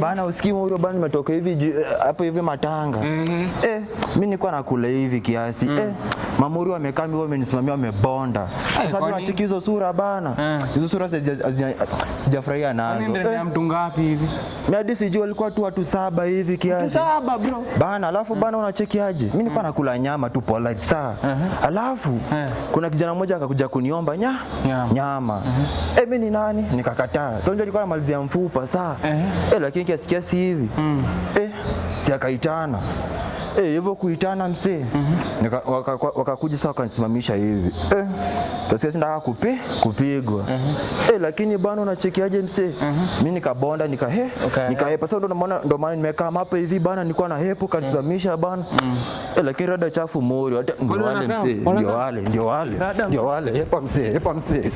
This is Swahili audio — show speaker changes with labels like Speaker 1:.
Speaker 1: bana, usikii Mauro bana, nimetoka hivi eh, hapo hivi Matanga. Mhm. Eh, mimi nilikuwa nakula hivi kiasi mm. eh, mamuri wamekaa hivyo wamenisimamia wamebonda. Eh, Sasa mimi nachiki hizo sura bana, eh. hizo sura sijafurahia nazo.
Speaker 2: Eh. Mtu ngapi hivi?
Speaker 1: Mimi hadi sijui, walikuwa tu watu saba hivi kiasi.
Speaker 2: Watu saba bro
Speaker 1: bana, alafu mm. bana, unacheki aje? Mimi nilikuwa mm. nakula nyama tu polite saa, uh-huh. alafu kuna kijana mmoja akakuja kuniomba nya nyama,
Speaker 2: uh-huh.
Speaker 1: eh, mimi ni nani? Nikakataa. Sasa ndio alikuwa anamalizia mfupa saa, eh, lakini kiasi kiasi hivi, mm. eh, si akaitana eh, hivyo kuitana msee. mm -hmm. Wakakuja waka sasa wakanisimamisha hivi eh, tasikia sindaka kupi
Speaker 2: kupigwa
Speaker 1: mm eh, lakini bana unachekiaje msee? mm -hmm. Mimi nikabonda nika he okay, nika he. sasa, ndio maana ndio maana nimekaa hapa hivi bana, nilikuwa na hepo kanisimamisha bana mm -hmm. eh, lakini rada chafu mori ndio wale msee, ndio wale ndio wale ndio wale Hepo msee, Hepo msee